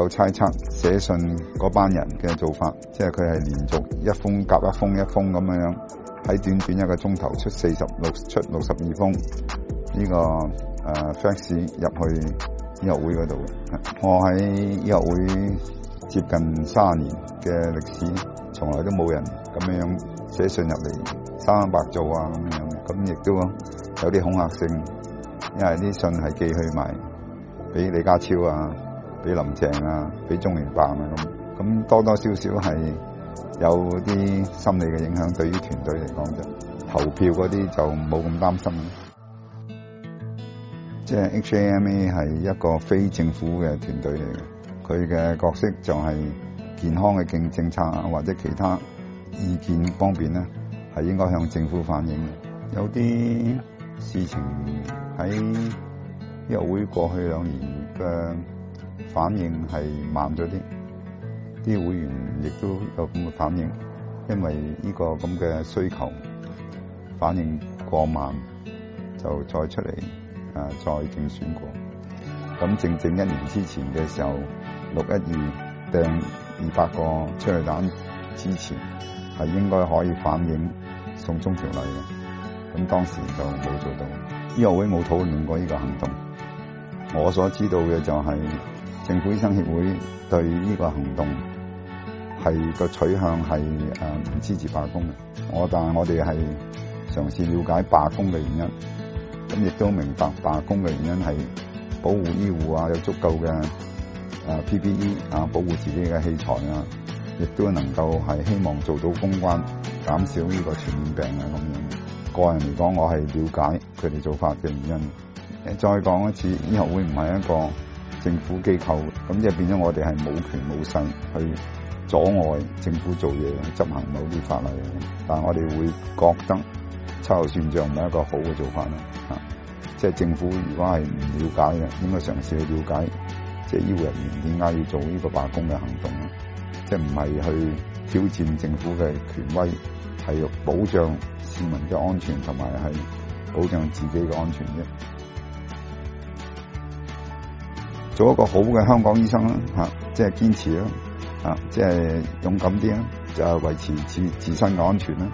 有猜測寫信嗰班人嘅做法，即係佢係連續一封夾一封一封咁樣喺短短一個鐘頭出四十六出六十二封呢個誒 fax 入去醫學會嗰度。我喺醫學會接近三十年嘅歷史，從來都冇人咁樣樣寫信入嚟，三百做啊咁樣，咁亦都有啲恐嚇性，因為啲信係寄去埋俾李家超啊。俾林鄭啊，俾中聯辦啊咁，咁多多少少係有啲心理嘅影響，對於團隊嚟講就投票嗰啲就冇咁擔心。即係 HAMA 係一個非政府嘅團隊嚟嘅，佢嘅角色就係健康嘅政政策或者其他意見方面咧，係應該向政府反映嘅。有啲事情喺約會過去兩年嘅。反應係慢咗啲，啲會員亦都有咁嘅反應，因為呢個咁嘅需求反應過慢，就再出嚟啊，再競選過。咁正正一年之前嘅時候，六一二掟二百個催淚彈之前係應該可以反映送中條例嘅。咁當時就冇做到，醫學會冇討論過呢個行動。我所知道嘅就係、是。政府醫生協會對呢個行動係個取向係誒唔支持罷工嘅，我但係我哋係嘗試了解罷工嘅原因，咁亦都明白罷工嘅原因係保護醫護啊，有足夠嘅誒 PPE 啊，保護自己嘅器材啊，亦都能夠係希望做到公關，減少呢個傳染病啊咁樣。個人嚟講，我係了解佢哋做法嘅原因。再講一次，醫學會唔係一個。政府機構咁即係變咗，我哋係冇權冇勢去阻礙政府做嘢，去執行某啲法例。但係我哋會覺得秋後算賬唔係一個好嘅做法啦。吓，即係政府如果係唔了解嘅，應該嘗試去了解，即係醫護人員點解要做呢個罷工嘅行動咧？即係唔係去挑戰政府嘅權威，係保障市民嘅安全，同埋係保障自己嘅安全啫。做一個好嘅香港醫生啦，吓，即係堅持啦，啊，即係勇敢啲啦，就係維持自自身嘅安全啦。